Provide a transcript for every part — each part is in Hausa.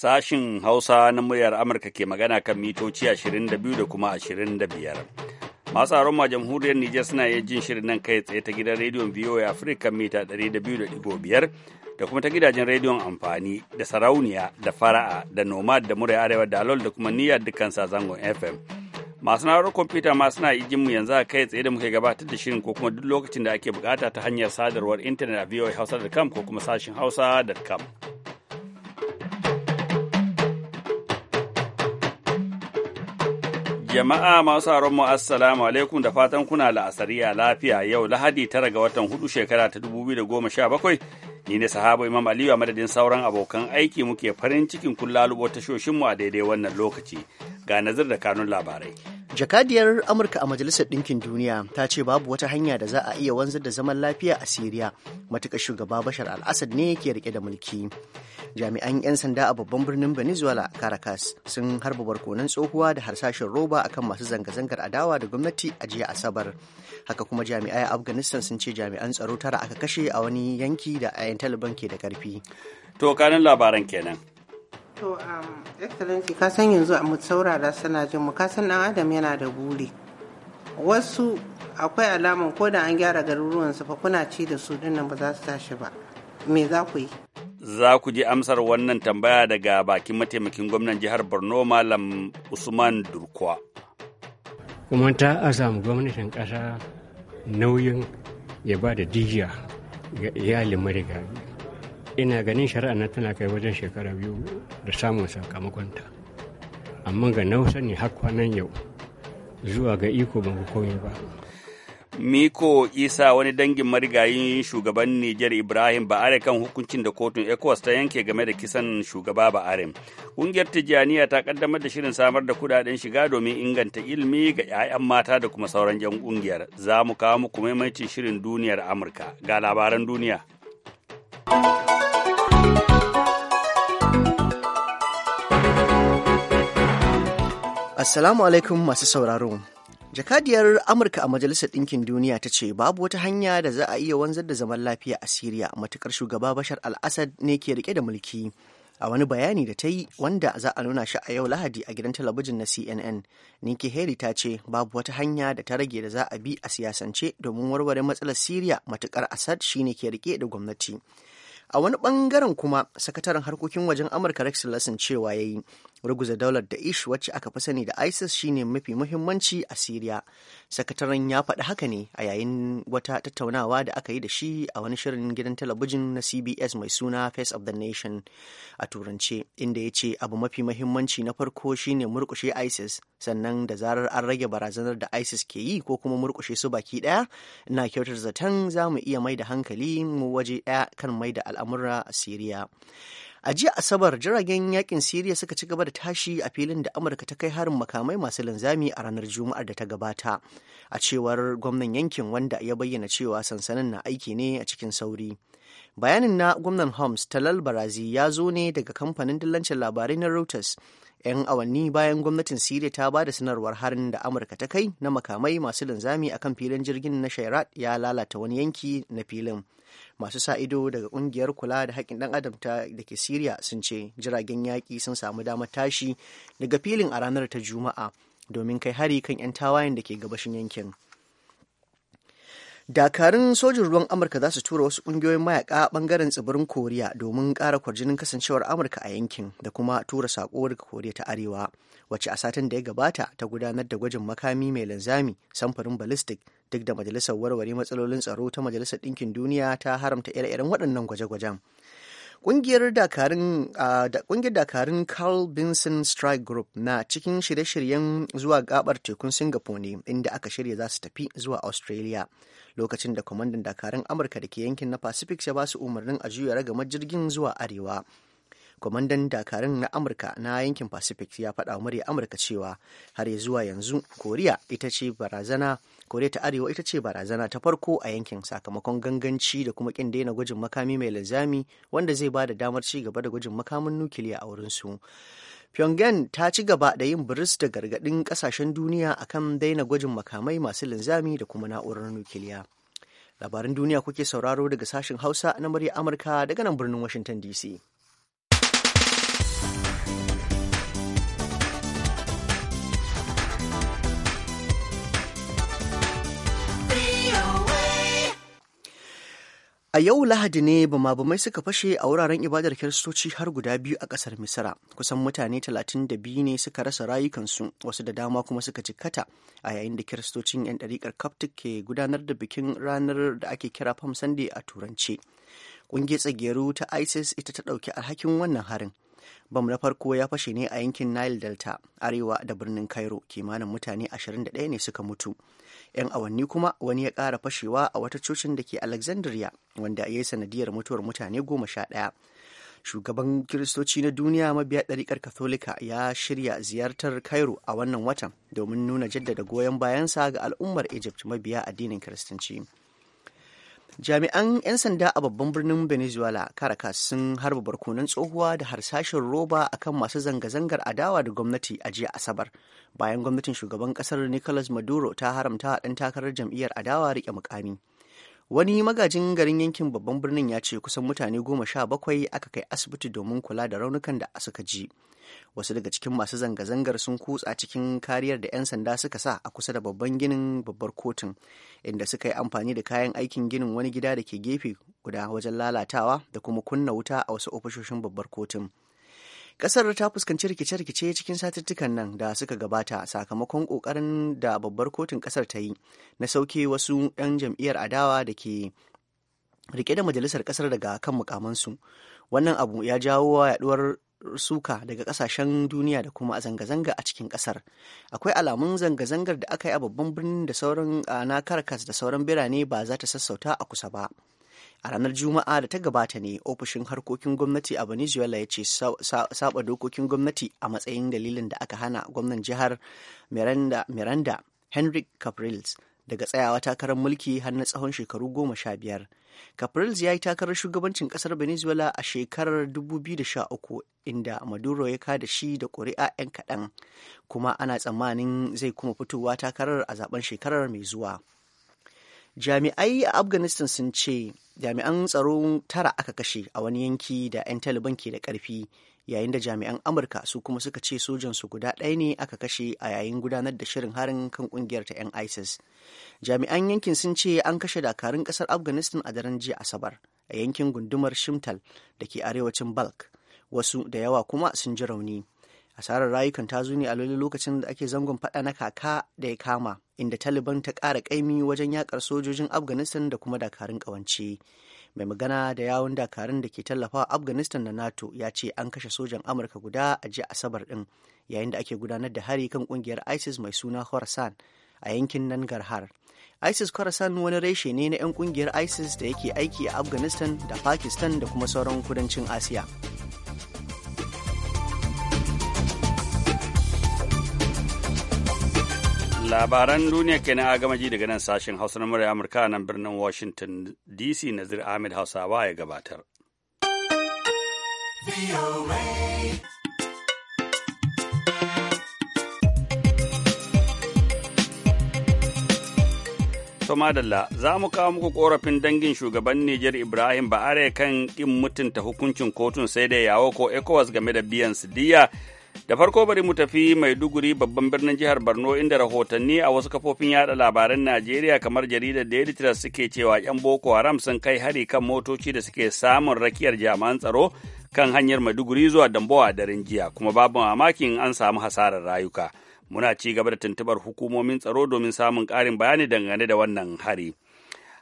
Sashin Hausa na muryar Amurka ke magana kan mitoci 22 da kuma 25. Masu aron ma jamhuriyar Nijar suna iya jin shirin nan kai tsaye ta gidan rediyon VOA Africa mita 200.5 da kuma ta gidajen rediyon amfani da sarauniya da fara'a da nomad da murai arewa da alol da kuma niyyar dukkan zangon FM. Masu na'urar kwamfuta ma suna ijin mu yanzu a kai tsaye da muke gabatar da shirin ko kuma duk lokacin da ake bukata ta hanyar sadarwar intanet a hausa voahausa.com ko kuma sashin hausa hausa.com. Jama'a masu mu assalamu alaikum da fatan kuna la'asariya lafiya yau Lahadi tara ga watan hudu shekara ta dubu biyu da goma sha bakwai, ni ne sahaba Imam Aliyu a madadin sauran abokan aiki muke farin cikin kun lalubo tashoshinmu a daidai wannan lokaci ga nazar da kanun labarai. Jakadiyar Amurka a Majalisar Ɗinkin Duniya ta ce babu wata hanya da za a iya wanzar da zaman lafiya a Siriya Matuka shugaba Bashar al-Assad ne ke rike da mulki. Jami'an 'yan sanda a babban birnin Venezuela Caracas sun harba barkonan tsohuwa da harsashin roba akan masu zanga-zangar adawa da gwamnati a jiya Asabar. Haka kuma jami'ai a Afghanistan sun ce jami'an tsaro tara aka kashe a wani yanki da 'ya'yan Taliban ke da karfi To kanin labaran kenan. To, um, excellency, ka san yanzu a saurara suna jin mu, ka san ɗan adam yana da buri. Wasu akwai alaman ko da an gyara garuruwan su fa kuna ci da su dinnan ba za su tashi ba. Me za ku yi? Za ku ji amsar wannan tambaya daga bakin mataimakin gwamnan jihar Borno Malam Usman Durkwa. Kuma ta a samu gwamnatin ƙasa nauyin ya ba da dijiya ga iyalin marigayi. ina ganin shari'a na tana kai wajen shekara biyu da samun sakamakonta amma ga nausa ne har kwanan yau zuwa ga iko ban komai ba Miko Isa wani dangin marigayin shugaban Nijar Ibrahim Ba'are kan hukuncin da kotun ECOWAS ta yanke game da kisan shugaba Ba'are. Ƙungiyar Tijjaniya ta kaddamar da shirin samar da kudaden shiga domin inganta ilimi ga 'ya'yan mata da kuma sauran 'yan kungiyar Za mu kawo muku maimacin shirin duniyar Amurka. Ga labaran duniya. Assalamu alaikum masu sauraro. Jakadiyar Amurka a Majalisar Ɗinkin Duniya ta ce babu wata hanya da za a iya wanzar da zaman lafiya a Siriya matukar shugaba Bashar al-Assad ne ke rike da mulki. A wani bayani da ta yi wanda za a nuna shi a yau Lahadi a gidan talabijin na CNN, Nikki Haley ta ce babu wata hanya da ta rage da za a bi a siyasance domin warware matsalar Siriya matukar Assad ne ke rike da gwamnati. a wani bangaren kuma sakataren harkokin wajen amurka rex lesson cewa ya yi ruguza daular ish wacce aka fi sani da ISIS shine mafi muhimmanci a Siriya. Sakataren ya faɗi haka ne a yayin wata tattaunawa da aka yi da shi a wani shirin gidan talabijin na CBS mai suna Face of the Nation a turance, inda ya ce abu mafi muhimmanci na farko shine murkushe ISIS, sannan da zarar an rage barazanar da ISIS ke yi ko kuma murkushe su baki ɗaya, na kyautar zaton za mu iya mai da hankali mu waje ɗaya kan mai da al'amura a Siriya. a jiya asabar jiragen yakin siriya suka ci gaba da tashi a filin da amurka ta kai harin makamai masu linzami a ranar juma'ar da ta gabata a cewar gwamnan yankin wanda ya bayyana cewa sansanin na aiki ne a cikin sauri bayanin na gwamnan homs talal barazi ya zo ne daga kamfanin dillancin labarai na reuters 'yan awanni bayan gwamnatin siriya ta ba da sanarwar harin da amurka ta kai na makamai masu linzami a kan filin jirgin na shairat ya lalata wani yanki na filin masu sa ido daga kungiyar kula da haƙƙin ɗan adam ta da ke siriya sun ce jiragen yaƙi sun samu damar tashi daga filin a ranar ta juma'a domin kai hari kan 'yan tawayen da ke gabashin yankin dakarun sojin ruwan amurka za su tura wasu kungiyoyin mayaka bangaren tsibirin koriya domin kara kwarjinin kasancewar amurka a yankin da kuma tura sako daga koriya ta arewa wacce a satin da ya gabata ta gudanar da gwajin makami mai linzami samfurin ballistic duk da majalisar warware matsalolin tsaro ta majalisar ɗinkin duniya ta haramta ire-iren waɗannan gwaje-gwajen Ƙungiyar Dakarun da ƙungiyar Dakarun Carl Vinson Strike Group na cikin shirye-shiryen zuwa gabar tekun Singapore ne inda aka shirya za su tafi zuwa Australia. Lokacin da kwamandan Dakarun Amurka da ke yankin na Pacific ya ba su umarnin a juya ragamar jirgin zuwa arewa. kwamandan dakarun na amurka na yankin pacific ya faɗa murya amurka cewa har zuwa yanzu koriya ita ce barazana koriya ta arewa ita ce barazana ta farko a yankin sakamakon ganganci da kuma kin daina gwajin makami mai linzami wanda zai ba da damar ci gaba da gwajin makamin nukiliya a wurinsu pyongyang ta ci gaba da yin biris da gargaɗin ƙasashen duniya akan daina gwajin makamai masu linzami da kuma na'urar nukiliya labarin duniya kuke sauraro daga sashen hausa na murya amurka daga nan birnin washington dc A yau Lahadi ne bumabumai suka fashe a wuraren ibadar Kiristoci har guda biyu a ƙasar Misira. Kusan mutane talatin da biyu ne suka rasa rayukansu, wasu da dama kuma suka jikkata a yayin da Kiristocin 'yan ɗariƙar Coptic ke gudanar da bikin ranar da ake kira Palm Sunday a Turance. Ƙungiyar tsageru ta ISIS ita ta ɗauki alhakin wannan harin. bam na farko ya fashe ne a yankin nile delta arewa da birnin cairo kimanin mutane 21 ne suka mutu yan awanni kuma wani ya ƙara fashewa a wata cocin da ke alexandria wanda ya yi sanadiyar mutuwar mutane goma sha ɗaya shugaban kiristoci na duniya mabiya ɗariƙar katolika ya shirya ziyartar cairo a wannan watan domin nuna jaddada goyon bayansa ga al'ummar egypt mabiya addinin kiristanci jami'an 'yan sanda a babban birnin venezuela caracas sun harba barkonan tsohuwa da harsashin roba akan masu zanga-zangar adawa da gwamnati a jiya asabar bayan gwamnatin shugaban kasar nicolas maduro ta haramta ɗan takarar jam'iyyar adawa rike mukami wani magajin garin yankin babban birnin ya ce kusan mutane goma sha bakwai aka kai asibiti domin kula da raunukan da suka ji wasu daga cikin masu zanga-zangar sun kutsa cikin kariyar da 'yan sanda suka sa a kusa da babban ginin babbar kotun inda suka yi amfani da kayan aikin ginin wani gida da ke gefe guda wajen lalatawa da kuma kunna wuta a wasu ofishoshin babbar kotun. Kasar ta fuskanci rikice-rikice cikin satuttukan nan da suka gabata sakamakon kokarin da babbar kotun kasar ta yi na sauke wasu 'yan jam'iyyar adawa da ke rike da majalisar kasar daga kan mukamansu. Wannan abu ya jawo yaduwar suka daga kasashen duniya da kuma zanga-zanga a cikin kasar akwai alamun zanga-zangar da aka yi a babban birnin da sauran na karkas da sauran birane ba za ta sassauta a kusa ba a ranar juma'a da ta gabata ne ofishin harkokin gwamnati a venezuela ya ce saba dokokin gwamnati a matsayin dalilin da aka hana gwamnan jihar miranda henry capriles daga tsayawa takarar mulki har na tsawon shekaru goma sha biyar capriles ya yi takarar shugabancin kasar venezuela a shekarar 2013 inda maduro ya kada shi da ƙuri'a 'yan kaɗan kuma ana tsammanin zai kuma fitowa takarar a zaben shekarar mai zuwa jami'ai a afghanistan sun ce jami'an tsaro tara aka kashe a wani yanki da 'yan taliban ke da karfi yayin da jami'an amurka su kuma suka ce sojansu guda ɗaya ne aka kashe a yayin gudanar da shirin harin kan kungiyar ta 'yan isis jami'an yankin sun ce an kashe dakarun ƙasar afghanistan a daren jiya asabar a yankin gundumar shimtal da ke arewacin balk wasu da yawa kuma sun ji rauni asarar rayukan ta zo ne a lokacin da ake zangon faɗa na kaka da ya kama inda taliban ta ƙara ƙaimi wajen yakar sojojin afghanistan da kuma dakarun ƙawance mai magana da yawon dakarun da ke tallafawa afghanistan da nato ya ce an kashe sojan amurka guda a jiya asabar din yayin da ake gudanar da hari kan kungiyar isis mai suna khorasan a yankin nan garhar isis khorasan wani reshe ne na 'yan kungiyar isis da yake aiki a afghanistan da pakistan da kuma sauran kudancin asiya Labaran duniya kenan a gama ji daga nan sashen Hausa na murya Amurka nan birnin Washington DC Nazir Ahmed Hausawa ya gabatar. To madalla za mu kawo muku korafin dangin shugaban Nijar Ibrahim Ba'are kan ƙin mutunta hukuncin kotun sai da yawo ko ECOWAS game da biyan su diya da farko bari mu tafi maiduguri babban birnin jihar borno inda rahotanni a wasu kafofin yada labaran najeriya kamar jaridar da trust suke cewa 'yan boko haram sun kai hari kan motoci da suke samun rakiyar jami'an tsaro kan hanyar maiduguri zuwa damboa daren jiya kuma babu mamakin an samu hasarar rayuka muna ci gaba da tuntubar hukumomin tsaro domin samun ƙarin bayani dangane da wannan hari.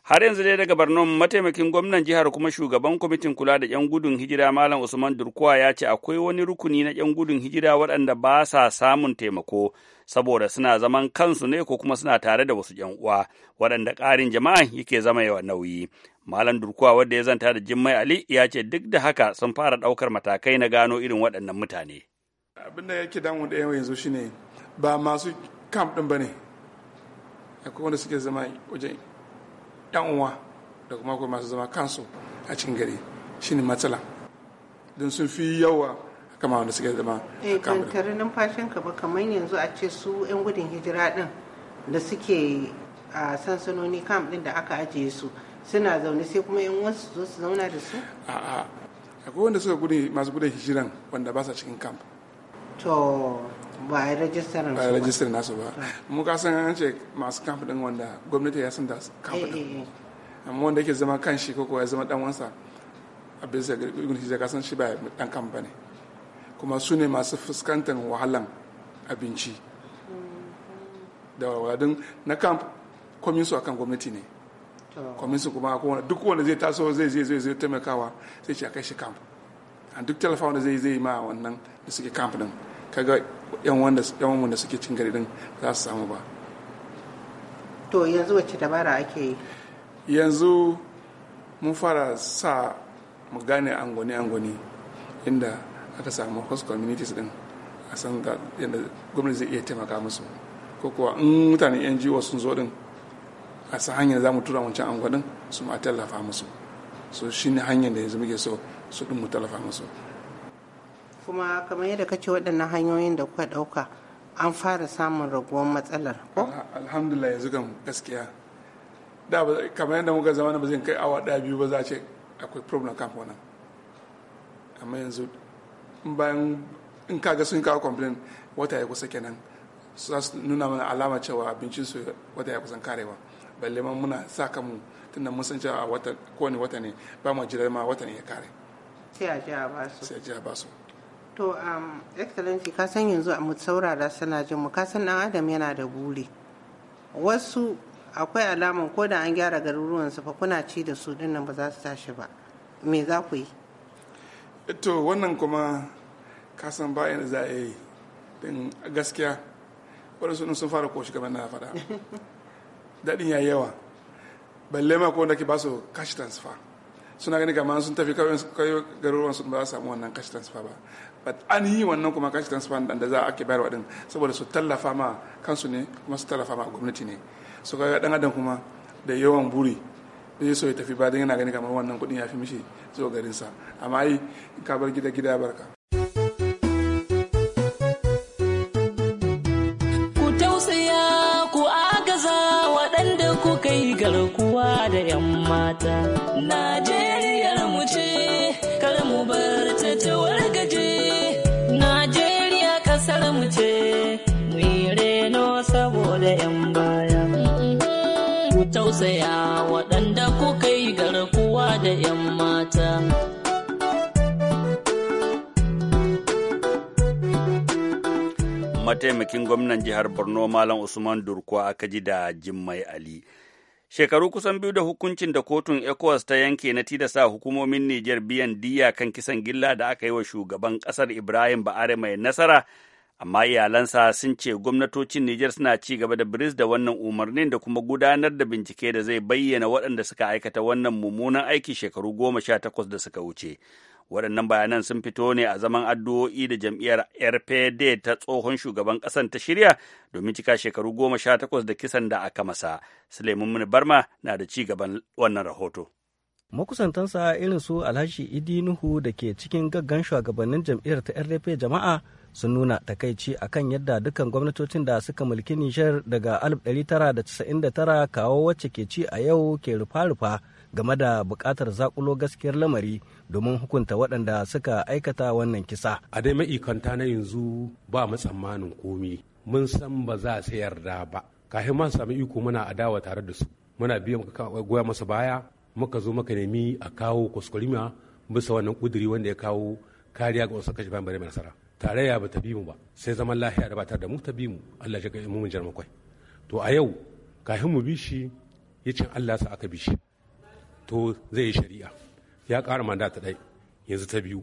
har yanzu dai daga barnon mataimakin gwamnan jihar kuma shugaban kwamitin kula da 'yan gudun hijira malam usman durkuwa ya ce akwai wani rukuni na 'yan gudun hijira waɗanda ba sa samun taimako saboda suna zaman kansu ne ko kuma suna tare da wasu 'yan uwa waɗanda ƙarin jama'a yake zama yawa nauyi malam durkuwa wanda ya zanta da jimmai ali ya ce duk da haka sun fara ɗaukar matakai na gano irin waɗannan mutane abin da yake damu da yawa yanzu shine ba masu kamp ɗin ba ne akwai wanda suke zama wajen Ɗan uwa da kuma kuma masu zama kansu a cikin gari shine matsala don sun fi yawa kama wanda suke zama a kamar eh, tare numfashin ka ba kamar yanzu a ce su yan gudun hijira din da suke a sansanoni kam din da aka ajiye su suna zaune sai kuma yan wasu zo su zauna da su a'a akwai wanda suka gudun masu gudun hijiran wanda ba sa cikin kamp to ba a rajistar ba a rajistar nasu ba mu ka san an ce masu kamfanin wanda gwamnati ya san da kamfanin eh, eh, eh. amma wanda yake zama kan shi ko ya zama dan wansa a bisa shi ya san shi ba dan kan bane kuma su ne masu fuskantar wahalan abinci mm-hmm. da wadadin na kamp komin su akan gwamnati ne komin su kuma duk wanda zai taso zai zai zai zai taimakawa sai ce a kai shi kamp a duk talafa wanda zai zai ma wannan da suke kamp din kaga yan wanda suke cin gari din za su samu ba to yanzu wacce dabara ake yi yanzu mun fara sa mu gane angoni angoni inda aka samu host communities din a san ga yadda gwamnati zai iya taimaka musu ko kuwa in yan jiwa sun zo din a sa hanyar za mu tura wancan angonin su ma tallafa musu so shine hanyar da yanzu muke so su din mu tallafa musu kuma kamar yadda kace waɗannan hanyoyin da kuka ɗauka an fara samun raguwar matsalar ko alhamdulillah yanzu kan gaskiya da kamar yadda muka zama ba zai kai awa ɗaya biyu ba za a ce akwai problem kan wannan amma yanzu bayan in kaga sun kawo complain wata ya kusa kenan za su nuna mana alama cewa abincin su wata ya kusan karewa balle ma muna sa kanmu tunda mun san cewa wata kowane wata ne ba mu jira ma wata ne ya kare sai a ji a ba su sai a ji a ba su To, um, Excellency, ka san yanzu a saurara suna jin mu, ka san ɗan Adam yana da buri. Wasu akwai alaman ko da an gyara garuruwan su fa kuna ci da su dinnan ba za su tashi ba. Me za ku yi? To, wannan kuma ka san bayan za a yi din gaskiya waɗansu sun fara koshi kamar na faɗa. Daɗin ya yawa. Balle ma ko da ke ba su cash transfer. suna gani kamar sun tafi kawai garuruwan su ba samu wannan cash transfer ba but yi wannan kuma kashi transparent da za a ake bayarwa din saboda su tallafa ma kansu ne kuma su tallafa ma gwamnati ne su ga dan adam kuma da yawan buri da so ya tafi ba don yana gani kamar wannan kuɗin ya fi mishi zuwa garinsa amma ai ka bar gida gida barka ku tausaya ku agaza waɗanda ku kai garkuwa da 'yan mata mataimakin gwamnan jihar borno malam usman durkwa aka ji da jimmai ali shekaru kusan biyu da hukuncin da kotun ecowas ta yanke na tilasta hukumomin nijar biyan diya kan kisan gilla da aka yi wa shugaban kasar ibrahim ba'are mai nasara amma iyalansa sun ce gwamnatocin Nijar suna ci gaba da biris da wannan umarnin da kuma gudanar da bincike da zai bayyana waɗanda suka aikata wannan mummunan aiki shekaru goma sha takwas da suka wuce. Waɗannan bayanan sun fito ne a zaman addu'o'i da jam'iyyar RPD ta tsohon shugaban ƙasan ta shirya domin cika shekaru goma sha takwas da kisan da aka masa. Suleiman Barma na da ci gaban wannan rahoto. Makusantansa irin su Alhaji Idi Nuhu da ke cikin gaggan shugabannin jam'iyyar ta RPD jama'a sun nuna takaici a kan yadda dukkan gwamnatocin da suka mulki Nijar daga 1999 kawo wacce ke ci a yau ke rufa-rufa game da bukatar zakulo gaskiyar lamari domin hukunta waɗanda suka aikata wannan kisa. A dai ma'ikanta na yanzu ba mu tsammanin komi mun san ba za su yarda ba. Kafin ma sami iko muna adawa tare da su muna biyan goya masa baya muka zo muka nemi a kawo kuskurima bisa wannan kuduri wanda ya kawo kariya ga wasu kashe bayan bari mai nasara. tarayya ba ta bi mu ba sai zaman lahiya da ba ta da mu ta bi mu Allah ya ga mu mun jarma makwai to a yau kafin mu bi shi yacin Allah sa aka bi shi to zai yi shari'a ya ƙara manda ta ɗai yanzu ta biyu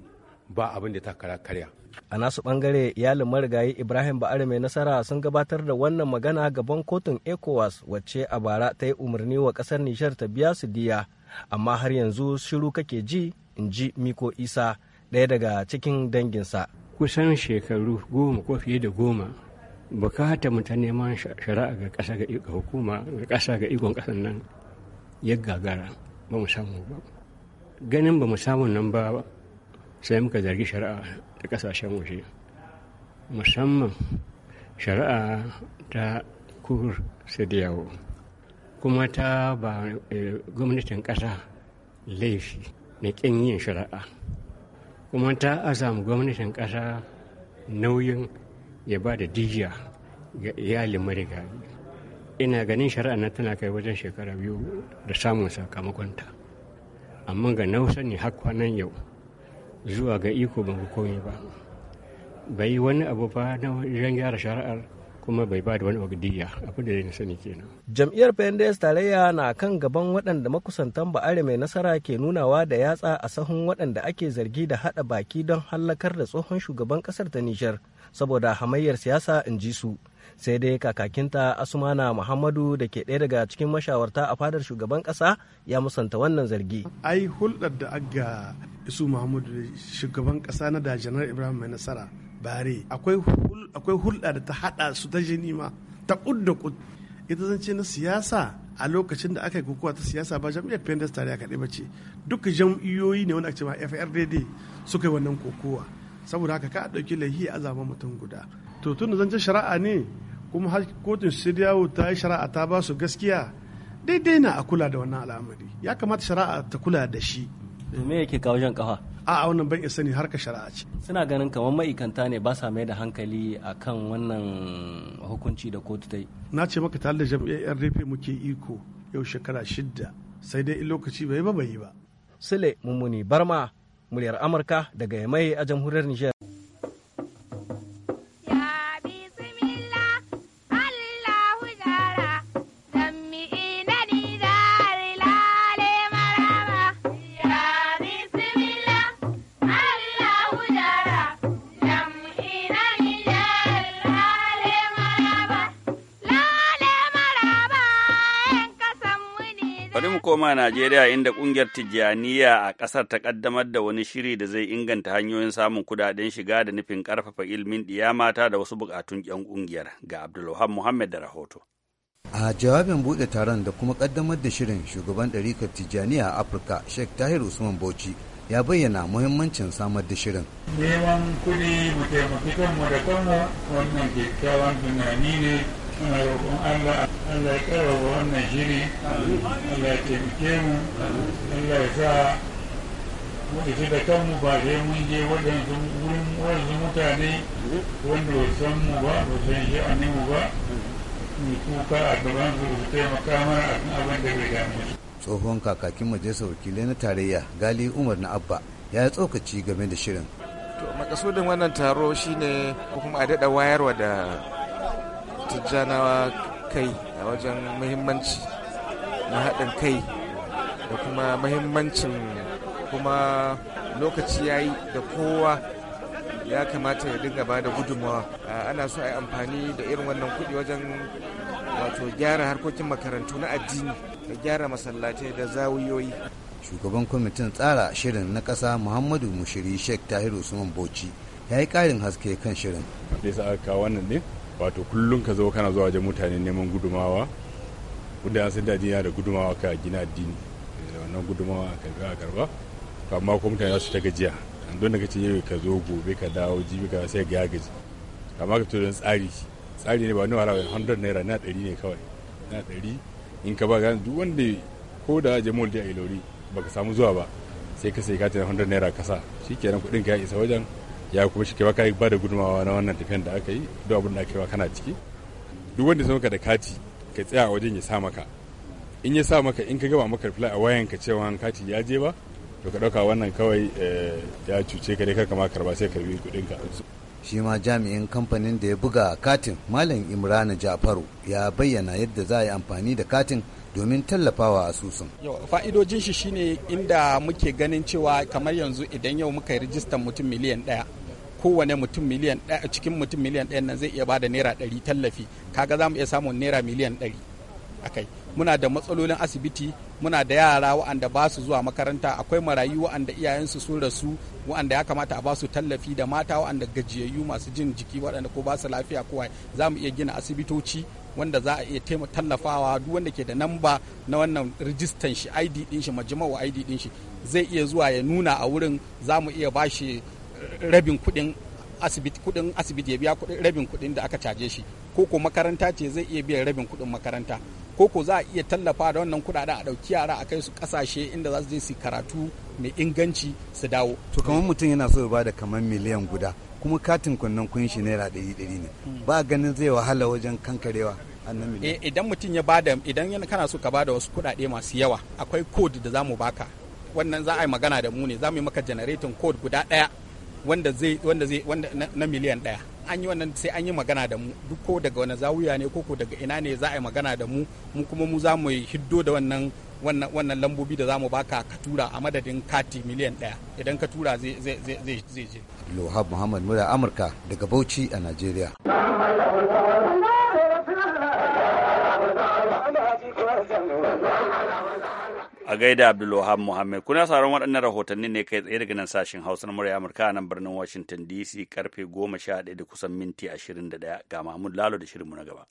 ba abin da ta kara karya a nasu bangare iyalin marigayi ibrahim ba'ari mai nasara sun gabatar da wannan magana gaban kotun ecowas wacce a bara ta yi umarni wa kasar nishar ta biya su diya amma har yanzu shiru kake ji in ji miko isa ɗaya daga cikin danginsa kusan shekaru goma ko fiye da goma bukata mu ta neman shari'a ga kasa ga hukuma ga ƙasa ga ikon kasan nan ya gagara ba mu samu ba ganin ba mu samu nan ba sai muka zargi shari'a ta kasashen waje musamman shari'a ta kur sadiyawo kuma ta ba eh, gwamnatin ƙasa laifi na ƙin yin shari'a kuma ta azam gwamnatin ƙasa nauyin ya ba da dijiya ga iyalin marigayi ina ganin shari'a na tana kai wajen shekara biyu da samun sakamakonta amma ga nausa ne har kwanan yau zuwa ga iko ban komi ba bai wani abu ba na wajen gyara shari'ar kuma bai ba da wani abin da ya sani kenan. Jam'iyyar pendes tarayya na kan gaban waɗanda makusantan ba'are mai nasara ke nunawa da yatsa a sahun waɗanda ake zargi da haɗa baki don hallakar da tsohon shugaban ƙasar ta Nijar saboda hamayyar siyasa in ji su. Sai dai kakakinta Asumana Muhammadu da ke ɗaya daga cikin mashawarta a fadar shugaban ƙasa ya musanta wannan zargi. Ai hulɗar da aga Isu Muhammadu shugaban ƙasa na da Janar Ibrahim mai nasara bare akwai hulɗa da ta haɗa su ta jini ma ta ƙudda ƙud ita zance na siyasa a lokacin da aka yi kokowa ta siyasa ba jam'iyyar pendas tare a kaɗai bace duka jam'iyyoyi ne wanda ake ma frdd suka yi wannan kokowa saboda haka ka a ɗauki laihi a zama mutum guda to tun da zancen shari'a ne kuma har kotun siriyawo ta yi shari'a ta ba su gaskiya daidai na a kula da wannan al'amari ya kamata shari'a ta kula da shi me yake kawo jan kafa a wannan ban isa sani harka shari'a ce suna ganin kamar ma'aikanta ne ba sa mai da hankali a kan wannan hukunci da kotu ta yi na ce maka tare da jam'iyyar rufe muke iko yau shekara shidda sai dai in lokaci bai ba bai yi ba sule mummuni barma muryar amurka daga yamai a jamhuriyar nijar koma Najeriya inda kungiyar Tijjaniya a ƙasar ta ƙaddamar da wani shiri da zai inganta hanyoyin samun kudaden shiga da nufin karfafa ilimin ɗiya mata da wasu bukatun 'yan kungiyar ga Abdulwahab Muhammad da rahoto. A jawabin buɗe taron da kuma kaddamar da shirin shugaban ɗarikar Tijjaniya a Afirka Sheikh Tahir Usman Bauchi ya bayyana muhimmancin samar da shirin. Neman kuɗi mu taimaki kanmu da kanmu wannan kyakkyawan tunani ne muna roƙon Allah Allah ya wa wannan shiri Allah ya taimake mu Allah ya sa mu isa da kanmu ba sai mun je waɗansu wurin wasu mutane wanda ba san mu ba ba san shi a mu ba mu kuka a gaban su su taimaka mana a kan abin da bai damu tsohon kakakin majalisar wakilai na tarayya gali umar na abba ya yi tsokaci game da shirin to makasudin wannan taro shine kuma a daɗa wayarwa da tijjanawa kai a wajen muhimmanci na haɗin kai da kuma muhimmancin kuma lokaci ya yi da kowa ya kamata ya dinga ba da gudunmawa ana so a yi amfani da irin wannan kuɗi wajen wato gyara harkokin makarantu na addini da gyara masallatai da zawiyoyi shugaban kwamitin tsara shirin na ƙasa muhammadu mushiri sheikh tahiru usman bauchi ya yi ƙarin haske kan shirin. wato kullum ka zo kana zuwa wajen mutane neman gudumawa wanda an san daji da gudumawa ka gina addini eh, wannan gudumawa a karba a karba to amma ko mutane za su ta gajiya don da kace yau ka zo gobe ka dawo jibi ka sai ga gaji amma ka fito tsari tsari ne ba ni wala 100 naira na 100 ne kawai na 100 in ka ba ga duk wanda ko da jamul da ilori baka samu zuwa ba sai ka sai ka tana 100 naira kasa shikenan kudin ka ya isa wajen ya kuma shi kewa ka ba da gudumawa na wannan tafiyan da aka yi duk abin da ake yi kana ciki duk wanda sun ka da kati ka tsaya a wajen ya sa maka in ya sa maka in ka gaba maka reply a wayan ka cewa kati ya je ba to ka dauka wannan kawai eh, ya cuce ka dai kaka karba sai karbi kudin ka shi ma jami'in kamfanin da ya buga katin malam imrana jafaru ya bayyana yadda za a yi amfani da katin domin tallafawa asusun. fa'idojin shi shine inda muke ganin cewa kamar yanzu idan yau muka yi rijistar mutum miliyan ɗaya kowane mutum miliyan ɗaya cikin mutum miliyan ɗaya nan zai iya bada naira ɗari tallafi kaga za mu iya samun naira miliyan ɗari akai muna da matsalolin asibiti muna da yara wa'anda ba su zuwa makaranta akwai marayu wa'anda iyayensu sun rasu wa'anda ya kamata a ba su tallafi da mata wa'anda gajiyayyu masu jin jiki waɗanda ko ba su lafiya ko za mu iya gina asibitoci wanda za a iya taimaka tallafawa duk wanda ke da namba na wannan rijistan shi id din shi majimawa id din shi zai iya zuwa ya nuna a wurin za mu iya ba shi. rabin kuɗin asibiti kuɗin asibiti ya biya rabin kuɗin da aka caje shi ko ko makaranta ce zai iya biyan rabin kuɗin makaranta ko ko za a iya tallafa da wannan kuɗaɗen a ɗauki yara a kai su ƙasashe inda za su je su karatu mai inganci su dawo. to kamar mutum yana so ya bada kamar miliyan guda kuma katin kunnen kun shi naira ɗari ɗari ne hmm. ba ganin zai wahala wajen kankarewa eh, idan mutum ya bada idan yana kana so ka bada wasu kuɗaɗe masu yawa akwai code da zamu baka wannan za a yi magana da mu ne za mu yi maka generating code guda ɗaya wanda zai wanda zai wanda na miliyan ɗaya an yi wannan sai an yi magana da mu duk ko daga wani zawuya ne koko daga ina ne za a yi magana da mu mu kuma mu za mu yi hiddo da wannan wannan lambobi da za mu baka ka tura a madadin kati miliyan ɗaya idan ka tura zai zai zai zai je Lohab Muhammad Mura Amurka daga Bauchi a Najeriya a gaida Abdulwahab muhammed Kuna sauran waɗannan rahotanni ne kai tsaye daga nan sashen Hausa na murya Amurka a nan birnin Washington DC karfe 11 da kusan minti 21 ga Mahmud Lalo da shirinmu na gaba.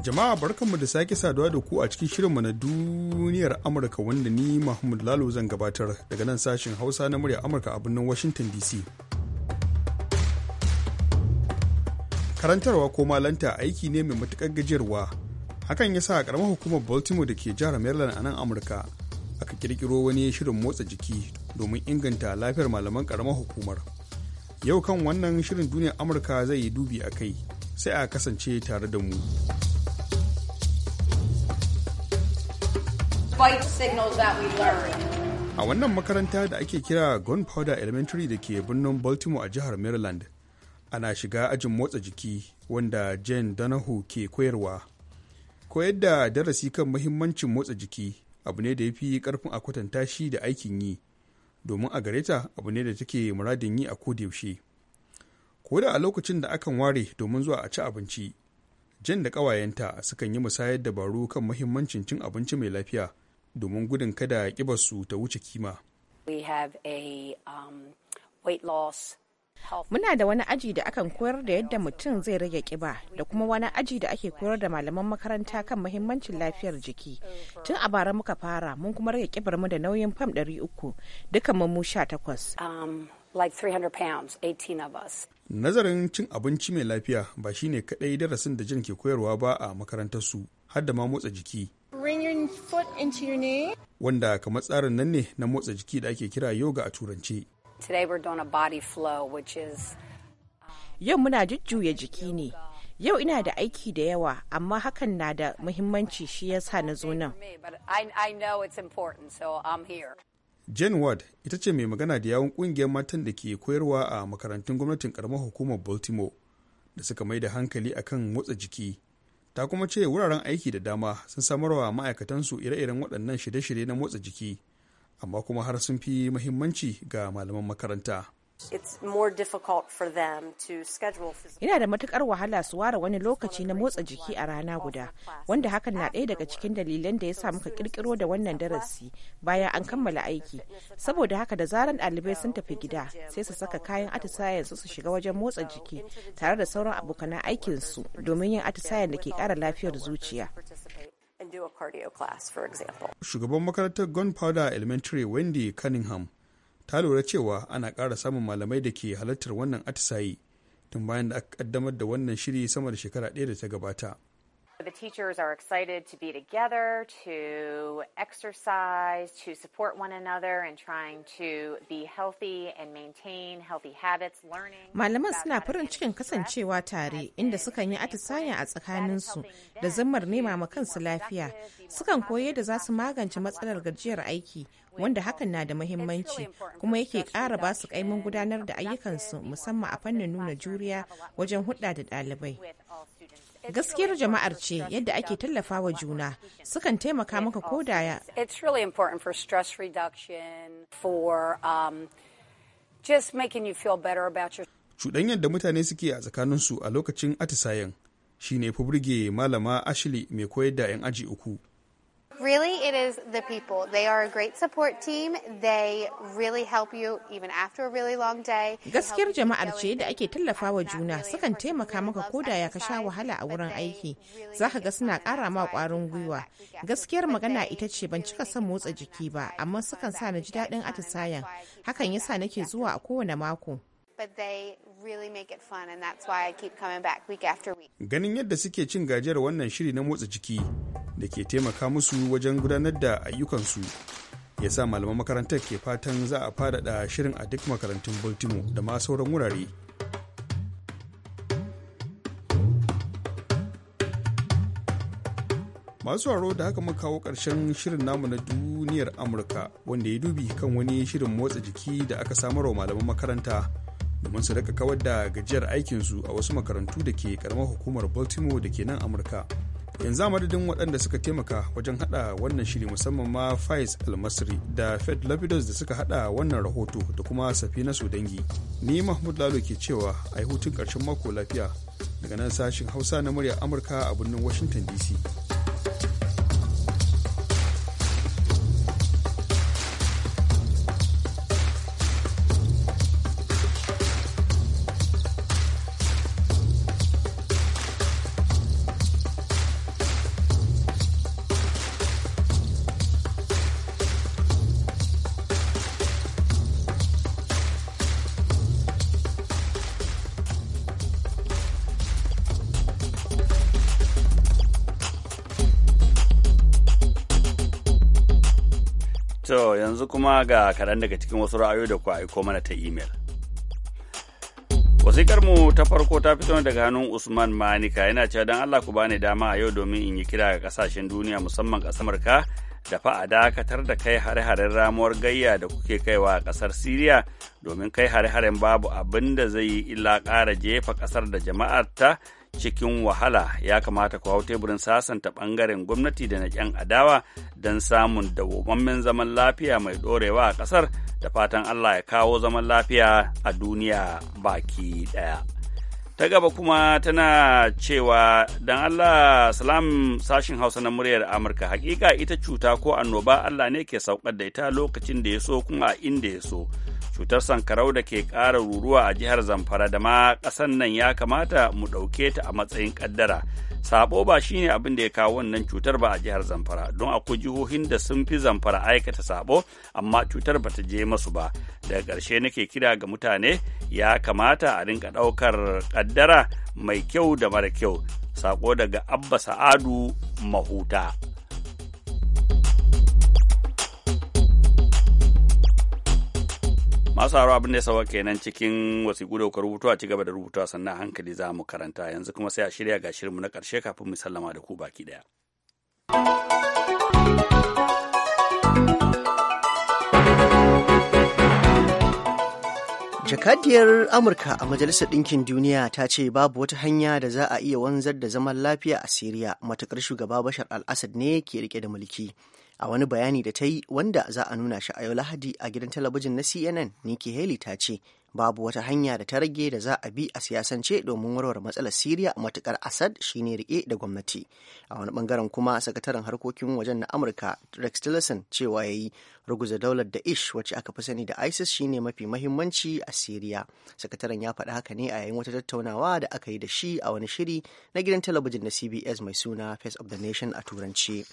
Jama'a barkanmu da sake saduwa da ku a cikin shirinmu na duniyar Amurka wanda ni Mahmud Lalo zan gabatar daga nan sashen Hausa na murya Amurka a birnin Washington DC. karantarwa ko malanta aiki ne mai matuƙar gajiyarwa hakan ya sa a ƙaramar hukumar baltimore da ke jihar maryland a nan amurka aka kirkiro wani shirin motsa jiki domin inganta lafiyar malaman ƙaramar hukumar yau kan wannan shirin duniyar amurka zai yi dubi a kai sai a kasance tare da mu a wannan makaranta da ake kira gunpowder elementary da ke birnin baltimore a jihar maryland ana shiga ajin motsa jiki wanda jane danahu ke koyarwa koyar da darasi kan mahimmancin motsa jiki abu ne da ya fi karfin a kwatanta shi da aikin yi domin a gareta abu ne da take muradin yi a yaushe ko da a lokacin da akan ware domin zuwa a ci abinci jan da ƙawayenta sukan yi musayar dabaru kan mahimmancin cin abinci mai lafiya domin gudun kada ƙibarsu ta wuce kima. We have um, Muna da wani aji da akan koyar da yadda mutum zai rage kiba da kuma wani aji da ake koyar da malaman makaranta kan mahimmancin lafiyar jiki. Tun a bara muka fara mun kuma rage kibar mu da nauyin fam 300 dukan mu 18. Um, Nazarin cin abinci mai lafiya ba shine kadai darasin da jin ke koyarwa ba a makarantar su har da ma motsa jiki. Wanda kamar tsarin nan ne na motsa jiki da ake kira yoga a turance. Today we're doing a body flow which is Yau muna jujjuya jiki ne. Yau ina da aiki da yawa amma hakan na da muhimmanci shi ya sa na zo nan. Jen Ward ita ce mai magana da yawun kungiyar matan da ke koyarwa a makarantun gwamnatin karamar hukumar Baltimore da suka mai da hankali akan motsa jiki. Ta kuma ce wuraren aiki da dama sun samarwa ma'aikatansu ire-iren waɗannan shirye-shirye na motsa jiki. amma kuma har sun fi muhimmanci ga malaman makaranta. Yana da matukar wahala su ware wani lokaci na motsa jiki a rana guda, wanda hakan na ɗaya daga cikin dalilan da ya sa muka kirkiro da wannan darasi bayan an kammala aiki. Saboda haka da zaran ɗalibai sun tafi gida sai su saka kayan atisayen su su shiga wajen motsa jiki tare da sauran abokanan aikinsu domin yin atisayen da ke ƙara lafiyar zuciya. and do a cardio class, for example. Shugaban makarantar Gunpowder Elementary Wendy Cunningham ta lura cewa ana ƙara samun malamai da ke halartar wannan atisayi tun bayan da aka kaddamar da wannan shiri sama da shekara ɗaya da ta gabata. The teachers are excited to be together, to exercise, to support one another and trying to be healthy and maintain healthy habits, learning. Malaman suna farin cikin kasancewa tare inda sukan yi atisaya a tsakaninsu da zammar nema ma kansu lafiya. Sukan koye da za su magance matsalar gajiyar aiki wanda hakan na da muhimmanci kuma yake ƙara ba su kaimin gudanar da ayyukansu musamman a fannin nuna juriya wajen hudda da ɗalibai. Gaskiyar jama'ar ce yadda ake tallafawa juna sukan taimaka maka ko It's really important for stress for um, just making you feel better about your... Cuɗanyar da mutane suke a tsakaninsu a lokacin atisayen shi ne fi burge malama Ashley mai koyar da 'yan aji uku. Really, it is the people. They are support team. They really help you even after a really long day. Gaskiyar jama'ar ce da ake tallafawa juna sukan taimaka maka koda ya ka sha wahala a wurin aiki. Za ka ga suna ƙara ma ƙwarin gwiwa. Gaskiyar magana ita ce ban cika son motsa jiki ba, amma sukan sa na ji daɗin atisayen. Hakan yasa nake zuwa a kowane mako. But they really make it Ganin yadda suke cin gajiyar wannan shiri na motsa jiki da ke taimaka musu wajen gudanar da ayyukansu. ya sa malaman makarantar ke fatan za a faɗaɗa shirin a duk makarantun baltimore da ma sauran wurare masu haro da haka muka kawo ƙarshen shirin namu na duniyar amurka wanda ya dubi kan wani shirin motsa jiki da aka samar wa malaman makaranta domin su rika kawar da gajiyar aikinsu a wasu makarantu da ke karamar hukumar baltimore da ke nan amurka yanzu a madadin waɗanda suka taimaka wajen hada wannan shiri musamman ma faiz almasri da fed lapidus da suka hada wannan rahoto da kuma safina dangi ni mahmud lalo ke cewa a yi hutun ƙarshen mako lafiya daga nan sashin hausa na murya amurka a birnin washington dc To yanzu kuma ga kaɗan daga cikin wasu ra'ayoyi da ku aiko mana ta imel. wasikar mu ta farko ta fito daga hannun Usman Manika yana cewa don Allah ku bani dama a yau domin in yi kira ga kasashen duniya musamman ƙasar ka da fa a dakatar da kai hare-haren ramuwar gayya da kuke kaiwa a ƙasar Siriya domin kai hare-haren babu abin da zai yi illa ƙara jefa ƙasar da jama'ar ta. cikin wahala ya kamata ku hau teburin sasanta ɓangaren gwamnati da na 'yan adawa don samun dawomammen zaman lafiya mai ɗorewa a ƙasar da fatan Allah ya kawo zaman lafiya a duniya baki ɗaya. Ta gaba kuma tana cewa don Allah salam sashin Hausa na muryar Amurka hakika ita cuta ko annoba Allah ne ke saukar da ita lokacin da ya so kuma a inda ya so. cutar sankarau da ke ƙara ruruwa a jihar zamfara da ma ƙasan nan ya kamata mu ɗauke ta a matsayin ƙaddara sabo ba shine abin da ya kawo wannan cutar ba a jihar zamfara don akwai jihohin da sun fi zamfara aikata sabo amma cutar bata je masu ba daga ƙarshe nake kira ga mutane ya kamata a rinka ɗaukar ƙaddara mai kyau da mara kyau sako daga abba sa'adu mahuta masu haro abin da ya sauwa kenan cikin wasiƙu da kuka rubutu a ci gaba da rubutu sannan hankali za mu karanta yanzu kuma sai a shirya ga shirinmu na ƙarshe kafin mu sallama da ku baki ɗaya. Jakadiyar Amurka a Majalisar Ɗinkin Duniya ta ce babu wata hanya da za a iya wanzar da zaman lafiya a Siriya matukar shugaba Bashar al-Assad ne ke rike da mulki. a wani bayani da ta yi wanda za a nuna shi a yau lahadi a gidan talabijin na cnn nikki haley ta ce babu wata hanya da ta rage da za a bi a siyasance domin warware matsalar siriya matukar assad shine rike da gwamnati a wani bangaren kuma sakataren harkokin wajen na amurka rex tillerson cewa ya yi ruguza daular da ish wacce aka fi sani da isis shine mafi mahimmanci a Syria. sakataren ya faɗi haka ne a yayin wata tattaunawa da aka yi da shi a wani shiri na gidan talabijin na cbs mai suna face of the nation a turanci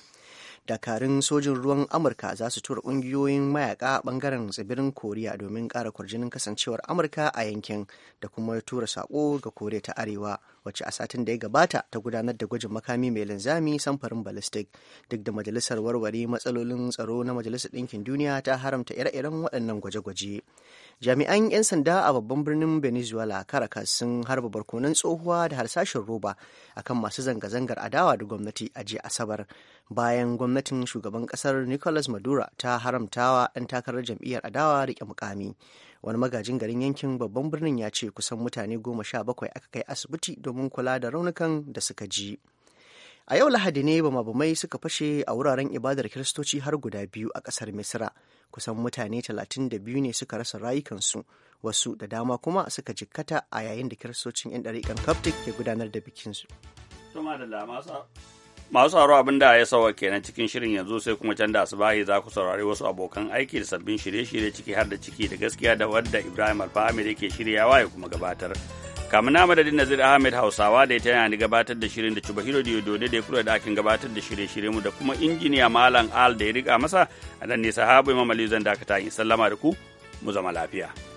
dakarun sojin ruwan amurka za su tura ƙungiyoyin mayaka a ɓangaren tsibirin koriya domin ƙara kwarjinin kasancewar amurka a yankin da kuma tura saƙo ga koriya ta arewa wacce a satin da ya gabata ta gudanar da gwajin makami mai linzami samfarin ballistic duk da majalisar warware matsalolin tsaro na majalisar ɗinkin duniya ta haramta ire-iren waɗannan gwaje-gwaje jami'an 'yan sanda a babban birnin venezuela caracas sun harba barkonan tsohuwa da harsashin roba akan masu zanga-zangar adawa da gwamnati a jiya asabar bayan gwamnatin shugaban kasar nicolas maduro ta haramtawa 'yan takarar jam'iyyar adawa rike mukami wani magajin garin yankin babban birnin ya ce kusan mutane goma sha bakwai aka kai asibiti domin kula da raunukan da suka ji a yau lahadi ne bamabamai suka fashe a wuraren ibadar kiristoci har guda biyu a kasar misira kusan mutane talatin da biyu ne suka rasa rayukansu wasu da dama kuma suka jikkata a yayin da kiristocin 'yan ɗariƙan coptic ke gudanar da bikinsu. masu haro abin da ya sawa kenan cikin shirin yanzu sai kuma can da asibahi za ku saurari wasu abokan aiki da sabbin shirye-shirye ciki har da ciki da gaskiya da wadda ibrahim alfahamid yake shiryawa ya kuma gabatar kamun na madadin nazir ahmed hausawa da ya tana ni gabatar da shirin da cuba diodone da ya kula da akin gabatar da shirye-shirye mu da kuma injiniya malam al da ya riga masa a nan ne sahabu imam aliyu zan dakata in sallama da ku mu zama lafiya.